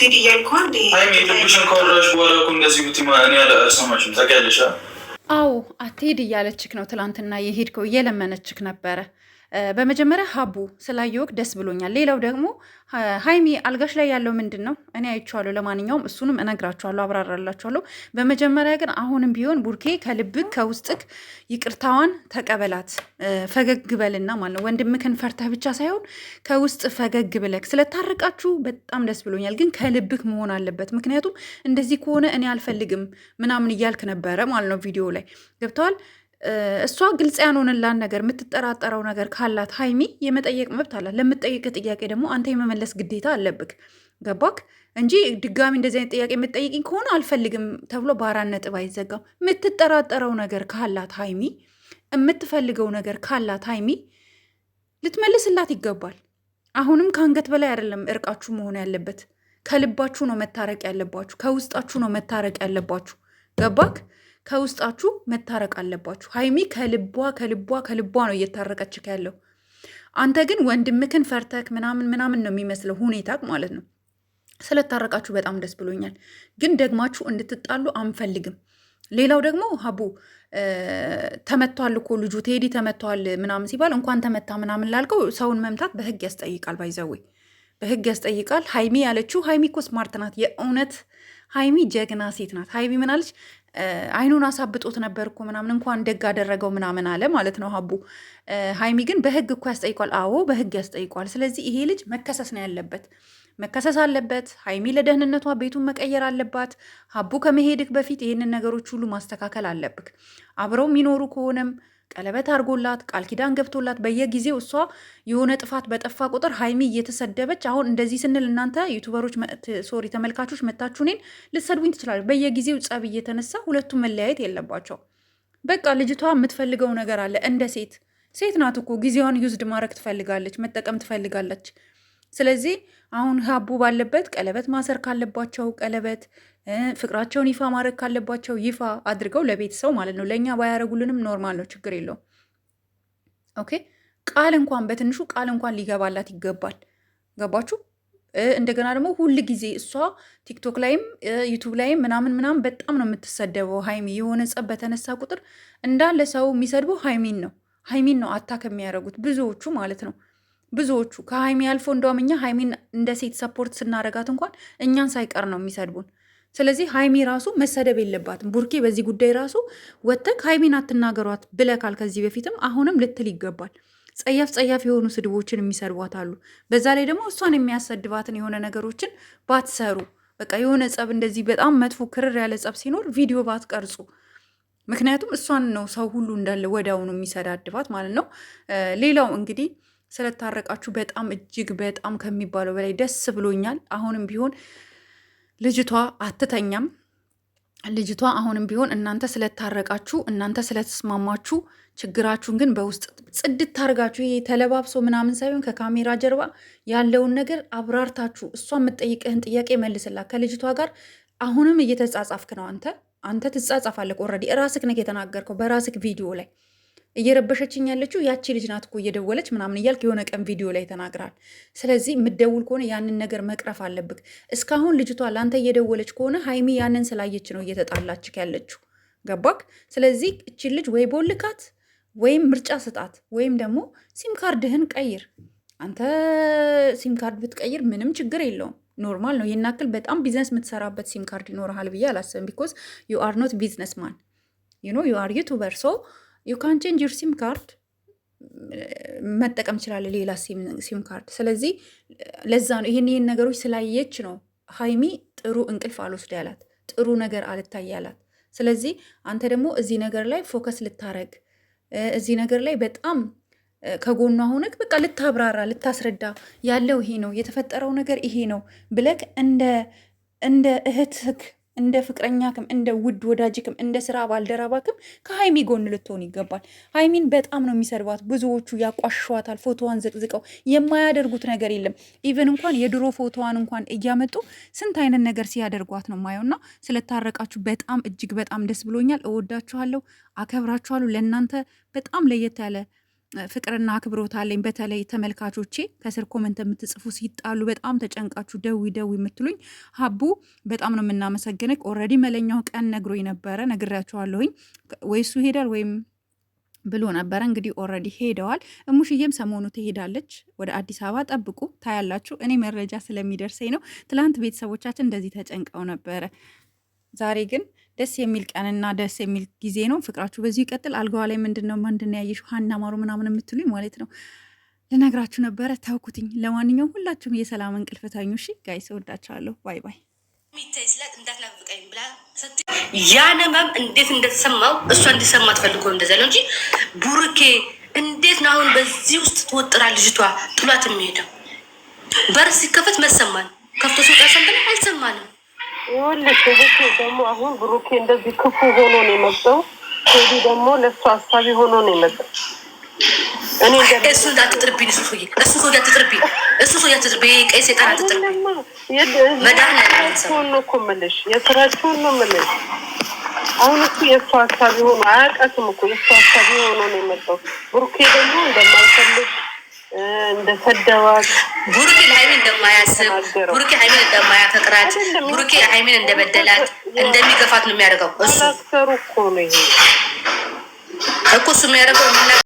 አትሄድ እያልኩ ልብሽን በኋላ እኮ እንደዚህ እኔ አልሰማሽም። ታውቂያለሽ? አዎ አትሄድ እያለችክ ነው። ትላንትና የሄድከው እየለመነችክ ነበረ በመጀመሪያ ሀቡ ስላየወቅ ደስ ብሎኛል። ሌላው ደግሞ ሀይሚ አልጋሽ ላይ ያለው ምንድን ነው እኔ አይቼዋለሁ። ለማንኛውም እሱንም እነግራችኋለሁ፣ አብራራላችኋለሁ። በመጀመሪያ ግን አሁንም ቢሆን ቡርኬ ከልብክ ከውስጥክ ይቅርታዋን ተቀበላት፣ ፈገግ በልና ማለት ነው ወንድምክን ፈርተህ ብቻ ሳይሆን ከውስጥ ፈገግ ብለክ ስለታረቃችሁ በጣም ደስ ብሎኛል። ግን ከልብክ መሆን አለበት፣ ምክንያቱም እንደዚህ ከሆነ እኔ አልፈልግም ምናምን እያልክ ነበረ ማለት ነው ቪዲዮ ላይ ገብተዋል። እሷ ግልጽ ያልሆነላን ነገር የምትጠራጠረው ነገር ካላት ሀይሚ የመጠየቅ መብት አላት። ለምትጠይቅ ጥያቄ ደግሞ አንተ የመመለስ ግዴታ አለብክ። ገባክ እንጂ ድጋሚ እንደዚህ አይነት ጥያቄ የምትጠይቅኝ ከሆነ አልፈልግም ተብሎ በአራት ነጥብ አይዘጋም። የምትጠራጠረው ነገር ካላት ሀይሚ፣ የምትፈልገው ነገር ካላት ሀይሚ ልትመልስላት ይገባል። አሁንም ከአንገት በላይ አይደለም እርቃችሁ መሆን ያለበት። ከልባችሁ ነው መታረቅ ያለባችሁ። ከውስጣችሁ ነው መታረቅ ያለባችሁ። ገባክ ከውስጣችሁ መታረቅ አለባችሁ። ሀይሚ ከልቧ ከልቧ ከልቧ ነው እየታረቀች ያለው። አንተ ግን ወንድምክን ፈርተክ ምናምን ምናምን ነው የሚመስለው ሁኔታ ማለት ነው። ስለታረቃችሁ በጣም ደስ ብሎኛል፣ ግን ደግማችሁ እንድትጣሉ አንፈልግም። ሌላው ደግሞ ሀቡ ተመቷል እኮ ልጁ ቴዲ ተመቷል ምናምን ሲባል እንኳን ተመታ ምናምን ላልከው ሰውን መምታት በህግ ያስጠይቃል። ባይዘዌ በህግ ያስጠይቃል። ሀይሚ ያለችው ሀይሚ እኮ ስማርት ናት። የእውነት ሀይሚ ጀግና ሴት ናት። ሀይሚ ምናለች? አይኑን አሳብጦት ነበር እኮ ምናምን እንኳን ደግ አደረገው ምናምን አለ ማለት ነው ሀቡ። ሀይሚ ግን በህግ እኮ ያስጠይቋል። አዎ በህግ ያስጠይቋል። ስለዚህ ይሄ ልጅ መከሰስ ነው ያለበት፣ መከሰስ አለበት። ሀይሚ ለደህንነቷ ቤቱን መቀየር አለባት። ሀቡ ከመሄድክ በፊት ይህንን ነገሮች ሁሉ ማስተካከል አለብክ። አብረው የሚኖሩ ከሆነም ቀለበት አድርጎላት ቃል ኪዳን ገብቶላት በየጊዜው እሷ የሆነ ጥፋት በጠፋ ቁጥር ሀይሚ እየተሰደበች አሁን እንደዚህ ስንል እናንተ ዩቱበሮች ሶሪ ተመልካቾች መታችሁ እኔን ልትሰድቡኝ ትችላለች። በየጊዜው ጸብ እየተነሳ ሁለቱም መለያየት የለባቸው። በቃ ልጅቷ የምትፈልገው ነገር አለ እንደ ሴት ሴት ናት እኮ ጊዜዋን ዩዝድ ማድረግ ትፈልጋለች፣ መጠቀም ትፈልጋለች። ስለዚህ አሁን ሀቡ ባለበት ቀለበት ማሰር ካለባቸው ቀለበት፣ ፍቅራቸውን ይፋ ማድረግ ካለባቸው ይፋ አድርገው ለቤተሰው ማለት ነው። ለእኛ ባያደረጉልንም ኖርማል ነው፣ ችግር የለውም። ኦኬ ቃል እንኳን በትንሹ ቃል እንኳን ሊገባላት ይገባል። ገባችሁ? እንደገና ደግሞ ሁል ጊዜ እሷ ቲክቶክ ላይም ዩቱብ ላይም ምናምን ምናምን በጣም ነው የምትሰደበው ሀይሚ። የሆነ ጸብ በተነሳ ቁጥር እንዳለ ሰው የሚሰድበው ሀይሚን ነው ሀይሚን ነው አታክ የሚያደርጉት ብዙዎቹ ማለት ነው። ብዙዎቹ ከሀይሚ አልፎ እንደውም እኛ ሀይሚን እንደ ሴት ሰፖርት ስናደርጋት እንኳን እኛን ሳይቀር ነው የሚሰድቡን። ስለዚህ ሀይሚ ራሱ መሰደብ የለባትም። ቡርኬ በዚህ ጉዳይ ራሱ ወጥተህ ሀይሚን አትናገሯት ብለካል ከዚህ በፊትም አሁንም ልትል ይገባል። ጸያፍ ጸያፍ የሆኑ ስድቦችን የሚሰድቧት አሉ። በዛ ላይ ደግሞ እሷን የሚያሰድባትን የሆነ ነገሮችን ባትሰሩ፣ በቃ የሆነ ጸብ እንደዚህ በጣም መጥፎ ክርር ያለ ጸብ ሲኖር ቪዲዮ ባትቀርጹ ምክንያቱም እሷን ነው ሰው ሁሉ እንዳለ ወዲያውኑ የሚሰዳድባት ማለት ነው። ሌላው እንግዲህ ስለታረቃችሁ በጣም እጅግ በጣም ከሚባለው በላይ ደስ ብሎኛል። አሁንም ቢሆን ልጅቷ አትተኛም። ልጅቷ አሁንም ቢሆን እናንተ ስለታረቃችሁ እናንተ ስለተስማማችሁ ችግራችሁን ግን በውስጥ ጽድት ታርጋችሁ ይሄ ተለባብሶ ምናምን ሳይሆን ከካሜራ ጀርባ ያለውን ነገር አብራርታችሁ እሷ የምትጠይቅህን ጥያቄ መልስላት። ከልጅቷ ጋር አሁንም እየተጻጻፍክ ነው አንተ አንተ ትጻጻፋለህ። ኦልሬዲ ራስክ ነህ የተናገርከው በራስክ ቪዲዮ ላይ እየረበሸችኝ ያለችው ያቺ ልጅ ናት እኮ እየደወለች ምናምን እያልክ የሆነ ቀን ቪዲዮ ላይ ተናግራል። ስለዚህ ምደውል ከሆነ ያንን ነገር መቅረፍ አለብክ። እስካሁን ልጅቷ ለአንተ እየደወለች ከሆነ ሀይሚ ያንን ስላየች ነው እየተጣላችክ ያለችው። ገባክ? ስለዚህ እችን ልጅ ወይ ቦልካት ወይም ምርጫ ስጣት፣ ወይም ደግሞ ሲም ካርድህን ቀይር። አንተ ሲም ካርድ ብትቀይር ምንም ችግር የለውም ኖርማል ነው። ይናክል በጣም ቢዝነስ የምትሰራበት ሲም ካርድ ይኖርሃል ብዬ አላስብም። ቢኮዝ ዩ አር ኖት ቢዝነስ ማን ዩ ኖ ዩ አር ዩቱበር ሰው ዩካን ቼንጅ ዩር ሲም ካርድ መጠቀም ይችላል ሌላ ሲም ካርድ። ስለዚህ ለዛ ነው ይህን ይህን ነገሮች ስላየች ነው ሀይሚ ጥሩ እንቅልፍ አልወስድ ያላት፣ ጥሩ ነገር አልታይ ያላት። ስለዚህ አንተ ደግሞ እዚህ ነገር ላይ ፎከስ ልታረግ እዚህ ነገር ላይ በጣም ከጎኗ ሆነክ በቃ ልታብራራ ልታስረዳ፣ ያለው ይሄ ነው የተፈጠረው ነገር ይሄ ነው ብለክ እንደ እንደ እህትክ እንደ ፍቅረኛክም እንደ ውድ ወዳጅክም እንደ ስራ ባልደረባክም ከሀይሚ ጎን ልትሆን ይገባል። ሀይሚን በጣም ነው የሚሰድባት ብዙዎቹ ያቋሸዋታል። ፎቶዋን ዘቅዝቀው የማያደርጉት ነገር የለም። ኢቨን እንኳን የድሮ ፎቶዋን እንኳን እያመጡ ስንት አይነት ነገር ሲያደርጓት ነው ማየውና ስለታረቃችሁ በጣም እጅግ በጣም ደስ ብሎኛል። እወዳችኋለሁ፣ አከብራችኋለሁ። ለእናንተ በጣም ለየት ያለ ፍቅርና አክብሮት አለኝ። በተለይ ተመልካቾቼ ከስር ኮመንት የምትጽፉ ሲጣሉ በጣም ተጨንቃችሁ ደዊ ደዊ የምትሉኝ ሀቡ በጣም ነው የምናመሰግነ ኦልሬዲ መለኛው ቀን ነግሮ ነበረ፣ ነግሬያቸዋለሁኝ። ወይ እሱ ይሄዳል ወይም ብሎ ነበረ። እንግዲህ ኦልሬዲ ሄደዋል። እሙሽዬም ሰሞኑ ትሄዳለች ወደ አዲስ አበባ፣ ጠብቁ ታያላችሁ። እኔ መረጃ ስለሚደርሰኝ ነው። ትላንት ቤተሰቦቻችን እንደዚህ ተጨንቀው ነበረ። ዛሬ ግን ደስ የሚል ቀንና ደስ የሚል ጊዜ ነው። ፍቅራችሁ በዚሁ ይቀጥል። አልጋዋ ላይ ምንድን ነው ምንድን ያየሽ ሀና ማሩ ምናምን የምትሉኝ ማለት ነው ልነግራችሁ ነበረ ተውኩትኝ። ለማንኛውም ሁላችሁም የሰላም እንቅልፍ ተኙ። እሺ ጋይስ እወዳችኋለሁ። ባይ ባይ። ያን ህመም እንዴት እንደተሰማው እሷ እንዲሰማ ትፈልጎ እንደዛ ነው እንጂ ቡርኬ እንዴት ነው አሁን በዚህ ውስጥ ትወጥራ ልጅቷ ጥሏት የሚሄደው በር ሲከፈት መሰማን ከፍቶ ሰው አልሰማንም ይኸውልሽ እህቴ ደግሞ አሁን ብሩኬ እንደዚህ ክፉ ሆኖ ነው የመጣው። ቴዲ ደግሞ ለእሱ ሀሳቢ ሆኖ ነው የመጣው። እኔ እሱ እንዳትጥርብኝ እሱ ሰውዬ እሱ ሰውዬ አትጥርብኝ እሱ ሰውዬ አትጥርብኝ። ቀይ ሴጣን አትጥርብኝ። መድኃኒዓለም እኮ የምልሽ የስራችሁን ነው የምልሽ። አሁን እሱ የእሱ ሀሳቢ ሆኖ አያውቃትም እኮ የእሱ ሀሳብ ሆኖ ነው የመጣው። ብሩኬ ደግሞ እንደሰደባት እንደማያስብ ሀይሚን እንደማያፈቅራት ሀይሚን እንደበደላት እንደሚገፋት ነው የሚያደርገው። እሱ እኮ ነው ይሄ እኮ እሱ የሚያደርገው